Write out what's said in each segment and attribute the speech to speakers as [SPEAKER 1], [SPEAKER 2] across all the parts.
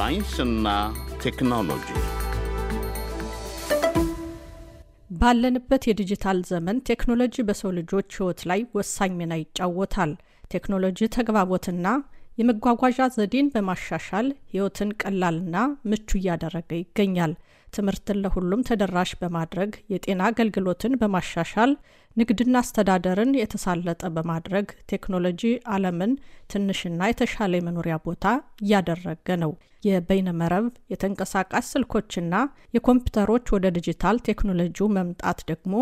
[SPEAKER 1] ሳይንስና ቴክኖሎጂ ባለንበት የዲጂታል ዘመን ቴክኖሎጂ በሰው ልጆች ሕይወት ላይ ወሳኝ ሚና ይጫወታል። ቴክኖሎጂ ተግባቦትና የመጓጓዣ ዘዴን በማሻሻል ሕይወትን ቀላልና ምቹ እያደረገ ይገኛል። ትምህርትን ለሁሉም ተደራሽ በማድረግ የጤና አገልግሎትን በማሻሻል ንግድና አስተዳደርን የተሳለጠ በማድረግ ቴክኖሎጂ ዓለምን ትንሽና የተሻለ የመኖሪያ ቦታ እያደረገ ነው። የበይነመረብ የተንቀሳቃሽ ስልኮችና የኮምፒውተሮች ወደ ዲጂታል ቴክኖሎጂው መምጣት ደግሞ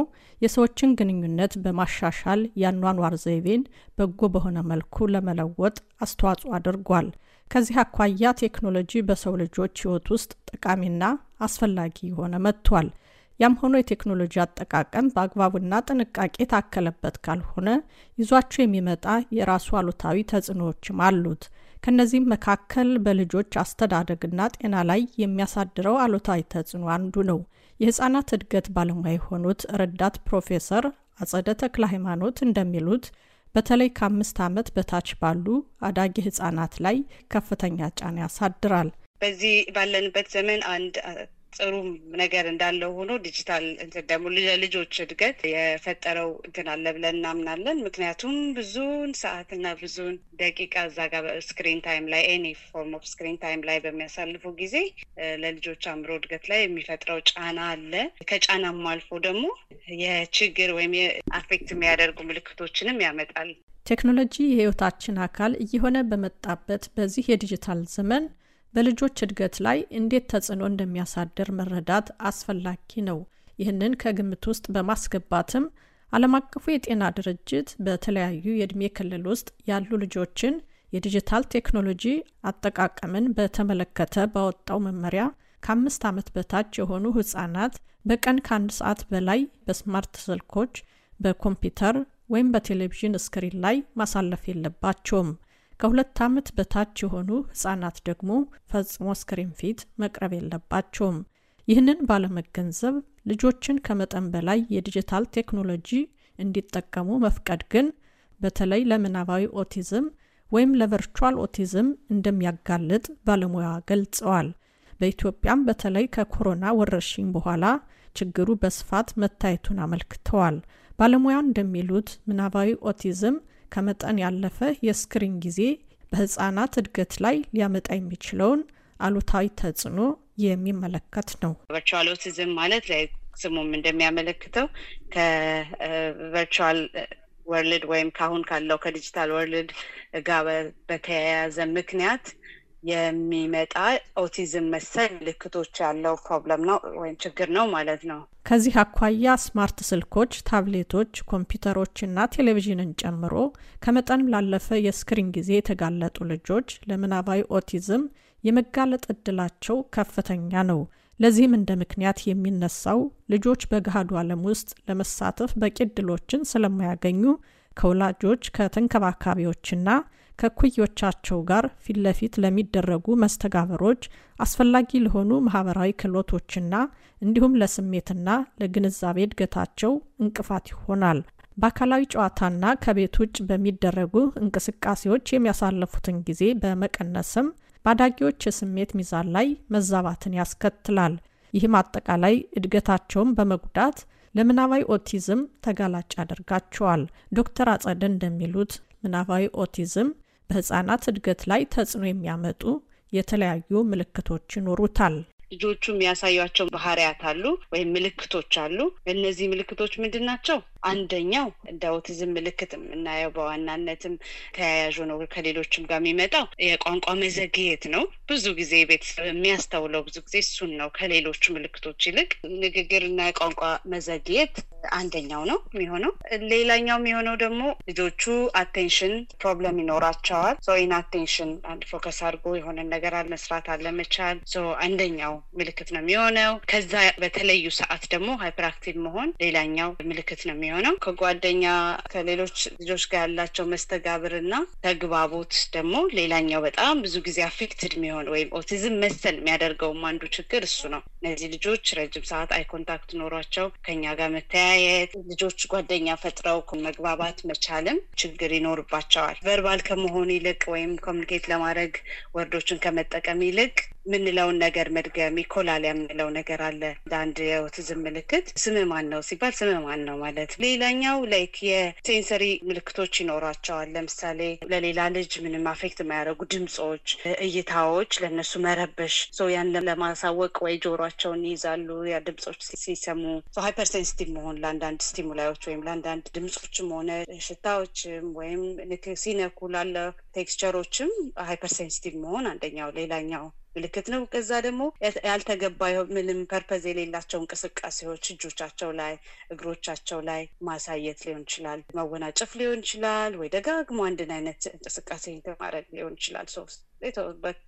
[SPEAKER 1] የሰዎችን ግንኙነት በማሻሻል የአኗኗር ዘይቤን በጎ በሆነ መልኩ ለመለወጥ አስተዋጽኦ አድርጓል። ከዚህ አኳያ ቴክኖሎጂ በሰው ልጆች ሕይወት ውስጥ ጠቃሚና አስፈላጊ የሆነ መጥቷል። ያም ሆኖ የቴክኖሎጂ አጠቃቀም በአግባቡና ጥንቃቄ የታከለበት ካልሆነ ይዟቸው የሚመጣ የራሱ አሉታዊ ተጽዕኖዎችም አሉት። ከእነዚህም መካከል በልጆች አስተዳደግና ጤና ላይ የሚያሳድረው አሉታዊ ተጽዕኖ አንዱ ነው። የህፃናት እድገት ባለሙያ የሆኑት ረዳት ፕሮፌሰር አጸደ ተክለ ሃይማኖት እንደሚሉት በተለይ ከአምስት ዓመት በታች ባሉ አዳጊ ህጻናት ላይ ከፍተኛ ጫና ያሳድራል።
[SPEAKER 2] በዚህ ባለንበት ዘመን አንድ ጥሩም ነገር እንዳለው ሆኖ ዲጂታል እንትን ደግሞ ለልጆች እድገት የፈጠረው እንትን አለ ብለን እናምናለን። ምክንያቱም ብዙን ሰዓትና ብዙን ደቂቃ እዛ ጋር ስክሪን ታይም ላይ ኤኒ ፎርም ኦፍ ስክሪን ታይም ላይ በሚያሳልፉ ጊዜ ለልጆች አእምሮ እድገት ላይ የሚፈጥረው ጫና አለ። ከጫናም አልፎ ደግሞ የችግር ወይም የአፌክት የሚያደርጉ ምልክቶችንም ያመጣል።
[SPEAKER 1] ቴክኖሎጂ የህይወታችን አካል እየሆነ በመጣበት በዚህ የዲጂታል ዘመን በልጆች እድገት ላይ እንዴት ተጽዕኖ እንደሚያሳድር መረዳት አስፈላጊ ነው። ይህንን ከግምት ውስጥ በማስገባትም ዓለም አቀፉ የጤና ድርጅት በተለያዩ የዕድሜ ክልል ውስጥ ያሉ ልጆችን የዲጂታል ቴክኖሎጂ አጠቃቀምን በተመለከተ ባወጣው መመሪያ ከአምስት ዓመት በታች የሆኑ ሕጻናት በቀን ከአንድ ሰዓት በላይ በስማርት ስልኮች፣ በኮምፒውተር ወይም በቴሌቪዥን ስክሪን ላይ ማሳለፍ የለባቸውም። ከሁለት ዓመት በታች የሆኑ ህጻናት ደግሞ ፈጽሞ ስክሪን ፊት መቅረብ የለባቸውም። ይህንን ባለመገንዘብ ልጆችን ከመጠን በላይ የዲጂታል ቴክኖሎጂ እንዲጠቀሙ መፍቀድ ግን በተለይ ለምናባዊ ኦቲዝም ወይም ለቨርቹዋል ኦቲዝም እንደሚያጋልጥ ባለሙያ ገልጸዋል። በኢትዮጵያም በተለይ ከኮሮና ወረርሽኝ በኋላ ችግሩ በስፋት መታየቱን አመልክተዋል። ባለሙያ እንደሚሉት ምናባዊ ኦቲዝም ከመጠን ያለፈ የስክሪን ጊዜ በህፃናት እድገት ላይ ሊያመጣ የሚችለውን አሉታዊ ተጽዕኖ የሚመለከት ነው።
[SPEAKER 2] ቨርቹዋል ኦቲዝም ማለት ስሙም እንደሚያመለክተው ከቨርቹዋል ወርልድ ወይም ከአሁን ካለው ከዲጂታል ወርልድ ጋር በተያያዘ ምክንያት የሚመጣ ኦቲዝም መሰል ምልክቶች ያለው ፕሮብለም ነው ወይም ችግር ነው ማለት ነው።
[SPEAKER 1] ከዚህ አኳያ ስማርት ስልኮች፣ ታብሌቶች፣ ኮምፒውተሮችና ቴሌቪዥንን ጨምሮ ከመጠን ላለፈ የስክሪን ጊዜ የተጋለጡ ልጆች ለምናባዊ ኦቲዝም የመጋለጥ እድላቸው ከፍተኛ ነው። ለዚህም እንደ ምክንያት የሚነሳው ልጆች በገሃዱ ዓለም ውስጥ ለመሳተፍ በቂ እድሎችን ስለማያገኙ ከወላጆች ከተንከባካቢዎችና ከኩዮቻቸው ጋር ፊት ለፊት ለሚደረጉ መስተጋብሮች አስፈላጊ ለሆኑ ማህበራዊ ክህሎቶችና እንዲሁም ለስሜትና ለግንዛቤ እድገታቸው እንቅፋት ይሆናል። በአካላዊ ጨዋታና ከቤት ውጭ በሚደረጉ እንቅስቃሴዎች የሚያሳለፉትን ጊዜ በመቀነስም በአዳጊዎች የስሜት ሚዛን ላይ መዛባትን ያስከትላል። ይህም አጠቃላይ እድገታቸውን በመጉዳት ለምናባዊ ኦቲዝም ተጋላጭ ያደርጋቸዋል። ዶክተር አጸደ እንደሚሉት ምናባዊ ኦቲዝም በህፃናት እድገት ላይ ተጽዕኖ የሚያመጡ የተለያዩ ምልክቶች ይኖሩታል።
[SPEAKER 2] ልጆቹ የሚያሳዩቸው ባህሪያት አሉ ወይም ምልክቶች አሉ። እነዚህ ምልክቶች ምንድን ናቸው? አንደኛው እንደ ኦቲዝም ምልክት የምናየው በዋናነትም ተያያዥ ነው ከሌሎችም ጋር የሚመጣው የቋንቋ መዘግየት ነው። ብዙ ጊዜ ቤተሰብ የሚያስተውለው ብዙ ጊዜ እሱን ነው ከሌሎች ምልክቶች ይልቅ ንግግርና የቋንቋ መዘግየት አንደኛው ነው የሚሆነው። ሌላኛው የሚሆነው ደግሞ ልጆቹ አቴንሽን ፕሮብለም ይኖራቸዋል። ሶ ኢን አቴንሽን አንድ ፎከስ አድርጎ የሆነ ነገር አለመስራት አለመቻል አንደኛው ምልክት ነው የሚሆነው። ከዛ በተለዩ ሰዓት ደግሞ ሃይፐር አክቲቭ መሆን ሌላኛው ምልክት ነው የሚሆነው ከጓደኛ ከሌሎች ልጆች ጋር ያላቸው መስተጋብርና ተግባቦት ደግሞ ሌላኛው በጣም ብዙ ጊዜ አፌክትድ የሚሆን ወይም ኦቲዝም መሰል የሚያደርገውም አንዱ ችግር እሱ ነው። እነዚህ ልጆች ረጅም ሰዓት አይ ኮንታክት ኖሯቸው ከኛ ጋር መተያየት፣ ልጆች ጓደኛ ፈጥረው መግባባት መቻልም ችግር ይኖርባቸዋል። ቨርባል ከመሆን ይልቅ ወይም ኮሚኒኬት ለማድረግ ወርዶችን ከመጠቀም ይልቅ የምንለውን ነገር መድገም ኢኮላሊያ የምንለው ነገር አለ። አንድ የኦቲዝም ምልክት ስም ማን ነው ሲባል ስም ማን ነው ማለት። ሌላኛው ላይክ የሴንሰሪ ምልክቶች ይኖሯቸዋል። ለምሳሌ ለሌላ ልጅ ምንም አፌክት የማያደርጉ ድምፆች፣ እይታዎች ለእነሱ መረበሽ ሰው ያን ለማሳወቅ ወይ ጆሯቸውን ይይዛሉ ያ ድምፆች ሲሰሙ ሃይፐር መሆን ለአንዳንድ ስቲሙላዮች ወይም ለአንዳንድ ድምፆችም ሆነ ሽታዎችም ወይም ሲነኩ ላለ ቴክስቸሮችም ሃይፐር መሆን አንደኛው ሌላኛው ምልክት ነው። ከዛ ደግሞ ያልተገባ ምንም ፐርፐዝ የሌላቸው እንቅስቃሴዎች እጆቻቸው ላይ እግሮቻቸው ላይ ማሳየት ሊሆን ይችላል፣ ማወናጨፍ ሊሆን ይችላል፣ ወይ ደጋግሞ አንድን አይነት እንቅስቃሴ ማድረግ ሊሆን ይችላል።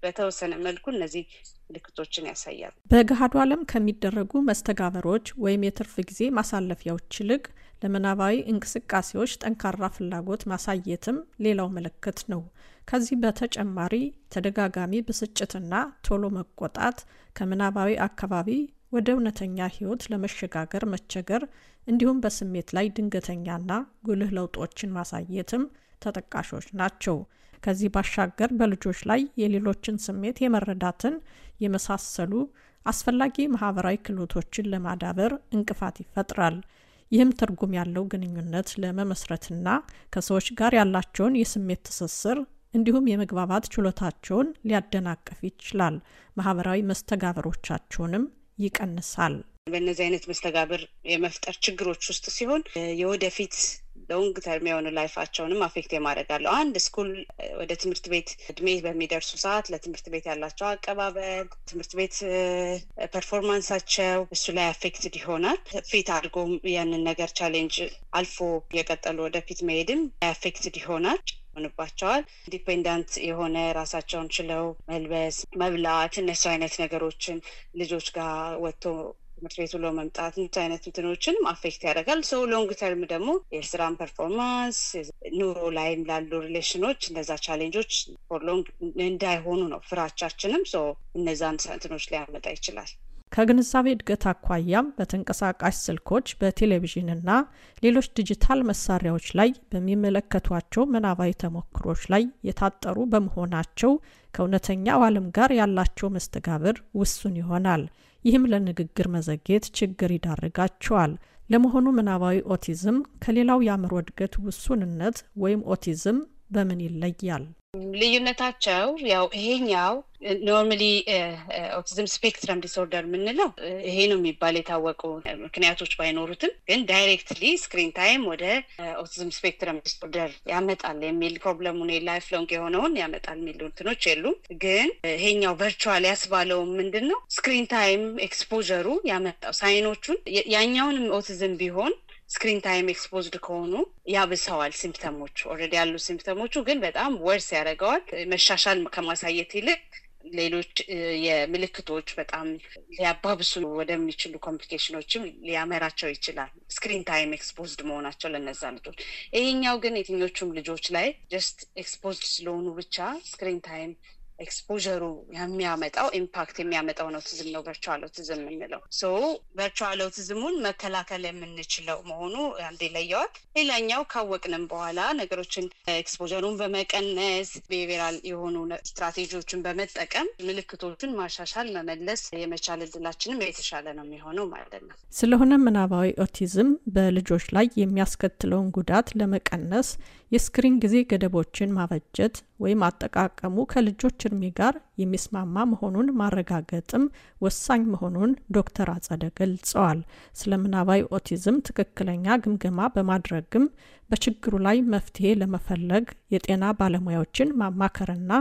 [SPEAKER 2] በተወሰነ መልኩ እነዚህ ምልክቶችን ያሳያል።
[SPEAKER 1] በገሃዱ ዓለም ከሚደረጉ መስተጋበሮች ወይም የትርፍ ጊዜ ማሳለፊያዎች ይልቅ ለምናባዊ እንቅስቃሴዎች ጠንካራ ፍላጎት ማሳየትም ሌላው ምልክት ነው። ከዚህ በተጨማሪ ተደጋጋሚ ብስጭትና ቶሎ መቆጣት፣ ከምናባዊ አካባቢ ወደ እውነተኛ ህይወት ለመሸጋገር መቸገር፣ እንዲሁም በስሜት ላይ ድንገተኛና ጉልህ ለውጦችን ማሳየትም ተጠቃሾች ናቸው። ከዚህ ባሻገር በልጆች ላይ የሌሎችን ስሜት የመረዳትን የመሳሰሉ አስፈላጊ ማህበራዊ ክህሎቶችን ለማዳበር እንቅፋት ይፈጥራል። ይህም ትርጉም ያለው ግንኙነት ለመመስረትና ከሰዎች ጋር ያላቸውን የስሜት ትስስር እንዲሁም የመግባባት ችሎታቸውን ሊያደናቅፍ ይችላል። ማህበራዊ መስተጋብሮቻቸውንም ይቀንሳል።
[SPEAKER 2] በእነዚህ አይነት መስተጋብር የመፍጠር ችግሮች ውስጥ ሲሆን የወደፊት ሎንግ ተርም የሆኑ ላይፋቸውንም አፌክት የማድረግ አለው። አንድ ስኩል ወደ ትምህርት ቤት እድሜ በሚደርሱ ሰዓት ለትምህርት ቤት ያላቸው አቀባበል፣ ትምህርት ቤት ፐርፎርማንሳቸው እሱ ላይ አፌክትድ ይሆናል። ፊት አድርጎ ያንን ነገር ቻሌንጅ አልፎ የቀጠሉ ወደፊት መሄድም አፌክትድ ይሆናል ሆንባቸዋል። ኢንዲፔንዳንት የሆነ ራሳቸውን ችለው መልበስ፣ መብላት እነሱ አይነት ነገሮችን ልጆች ጋር ወጥቶ ትምህርት ቤቱ ለመምጣት እንደዚህ አይነት እንትኖችንም አፌክት ያደርጋል። ሰው ሎንግ ተርም ደግሞ የስራን ፐርፎርማንስ ኑሮ ላይም ላሉ ሪሌሽኖች እነዛ ቻሌንጆች ፎር ሎንግ እንዳይሆኑ ነው ፍራቻችንም። ሰው እነዛን እንትኖች ሊያመጣ ይችላል።
[SPEAKER 1] ከግንዛቤ እድገት አኳያም በተንቀሳቃሽ ስልኮች በቴሌቪዥንና ሌሎች ዲጂታል መሳሪያዎች ላይ በሚመለከቷቸው መናባዊ ተሞክሮች ላይ የታጠሩ በመሆናቸው ከእውነተኛው አለም ጋር ያላቸው መስተጋብር ውሱን ይሆናል። ይህም ለንግግር መዘግየት ችግር ይዳርጋቸዋል። ለመሆኑ ምናባዊ ኦቲዝም ከሌላው የአእምሮ እድገት ውሱንነት ወይም ኦቲዝም በምን ይለያል?
[SPEAKER 2] ልዩነታቸው ያው ይሄኛው ኖርማሊ ኦቲዝም ስፔክትረም ዲስኦርደር የምንለው ይሄ ነው የሚባል የታወቁ ምክንያቶች ባይኖሩትም ግን ዳይሬክትሊ ስክሪን ታይም ወደ ኦቲዝም ስፔክትረም ዲስኦርደር ያመጣል የሚል ፕሮብለሙን ላይፍ ሎንግ የሆነውን ያመጣል የሚሉ እንትኖች የሉም። ግን ይሄኛው ቨርቹዋል ያስባለው ምንድን ነው ስክሪን ታይም ኤክስፖዘሩ ያመጣው ሳይኖቹን ያኛውንም ኦቲዝም ቢሆን ስክሪን ታይም ኤክስፖዝድ ከሆኑ ያብሰዋል ሲምፕተሞቹ። ኦረዲ ያሉ ሲምፕተሞቹ ግን በጣም ወርስ ያደርገዋል። መሻሻል ከማሳየት ይልቅ ሌሎች የምልክቶች በጣም ሊያባብሱ ወደሚችሉ ኮምፕሊኬሽኖችም ሊያመራቸው ይችላል። ስክሪን ታይም ኤክስፖዝድ መሆናቸው ለነዛ ልጆች። ይሄኛው ግን የትኞቹም ልጆች ላይ ጀስት ኤክስፖዝድ ስለሆኑ ብቻ ስክሪን ታይም ኤክስፖሩ የሚያመጣው ኢምፓክት የሚያመጣው ነው ኦቲዝም ነው ቨርቹዋል ኦቲዝም የምንለው። ሶ ቨርቹዋል ኦቲዝሙን መከላከል የምንችለው መሆኑ አንድ ይለየዋል። ሌላኛው ካወቅንም በኋላ ነገሮችን ኤክስፖጀሩን በመቀነስ ቢሄቪራል የሆኑ ስትራቴጂዎችን በመጠቀም ምልክቶችን ማሻሻል መመለስ የመቻል እድላችንም የተሻለ ነው የሚሆነው ማለት ነው።
[SPEAKER 1] ስለሆነ ምናባዊ ኦቲዝም በልጆች ላይ የሚያስከትለውን ጉዳት ለመቀነስ የስክሪን ጊዜ ገደቦችን ማበጀት ወይም አጠቃቀሙ ከልጆች እድሜ ጋር የሚስማማ መሆኑን ማረጋገጥም ወሳኝ መሆኑን ዶክተር አጸደ ገልጸዋል። ስለ ምናባዊ ኦቲዝም ትክክለኛ ግምገማ በማድረግም በችግሩ ላይ መፍትሄ ለመፈለግ የጤና ባለሙያዎችን ማማከርና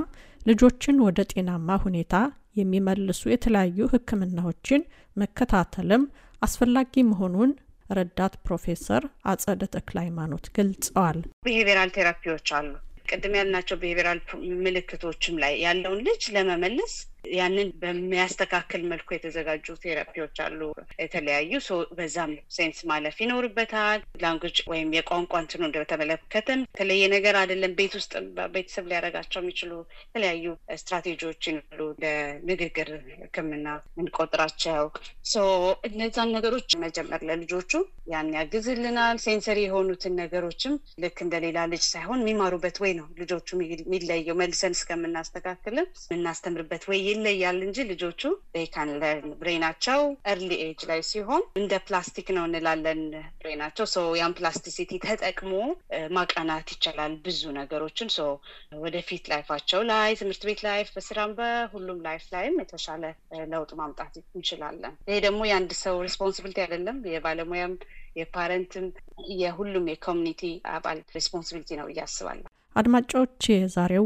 [SPEAKER 1] ልጆችን ወደ ጤናማ ሁኔታ የሚመልሱ የተለያዩ ሕክምናዎችን መከታተልም አስፈላጊ መሆኑን ረዳት ፕሮፌሰር አጸደ ተክለ ሃይማኖት ገልጸዋል።
[SPEAKER 2] ብሄቤራል ቴራፒዎች አሉ። ቅድም ያልናቸው ብሄቤራል ምልክቶችም ላይ ያለውን ልጅ ለመመለስ ያንን በሚያስተካክል መልኩ የተዘጋጁ ቴራፒዎች አሉ የተለያዩ። በዛም ሴንስ ማለፍ ይኖርበታል። ላንጉጅ ወይም የቋንቋ እንትኑ እንደተመለከተም የተለየ ነገር አይደለም። ቤት ውስጥ ቤተሰብ ሊያደርጋቸው የሚችሉ የተለያዩ ስትራቴጂዎች ይሉ ለንግግር ህክምና እንቆጥራቸው እነዛን ነገሮች መጀመር ለልጆቹ ያን ያግዝልናል። ሴንሰሪ የሆኑትን ነገሮችም ልክ እንደሌላ ልጅ ሳይሆን የሚማሩበት ወይ ነው ልጆቹ የሚለየው መልሰን እስከምናስተካክልም የምናስተምርበት ወይ ይለያል እንጂ ልጆቹ ካን ለርን ብሬናቸው እርሊ ኤጅ ላይ ሲሆን እንደ ፕላስቲክ ነው እንላለን። ብሬናቸው ሶ ያን ፕላስቲሲቲ ተጠቅሞ ማቃናት ይቻላል ብዙ ነገሮችን ሶ ወደፊት ላይፋቸው ላይ ትምህርት ቤት ላይፍ፣ በስራም በሁሉም ላይፍ ላይም የተሻለ ለውጥ ማምጣት እንችላለን። ይሄ ደግሞ የአንድ ሰው ሪስፖንስብልቲ አይደለም። የባለሙያም የፓረንትም የሁሉም የኮሚኒቲ አባል ሪስፖንስብሊቲ ነው እያስባለሁ።
[SPEAKER 1] አድማጮች የዛሬው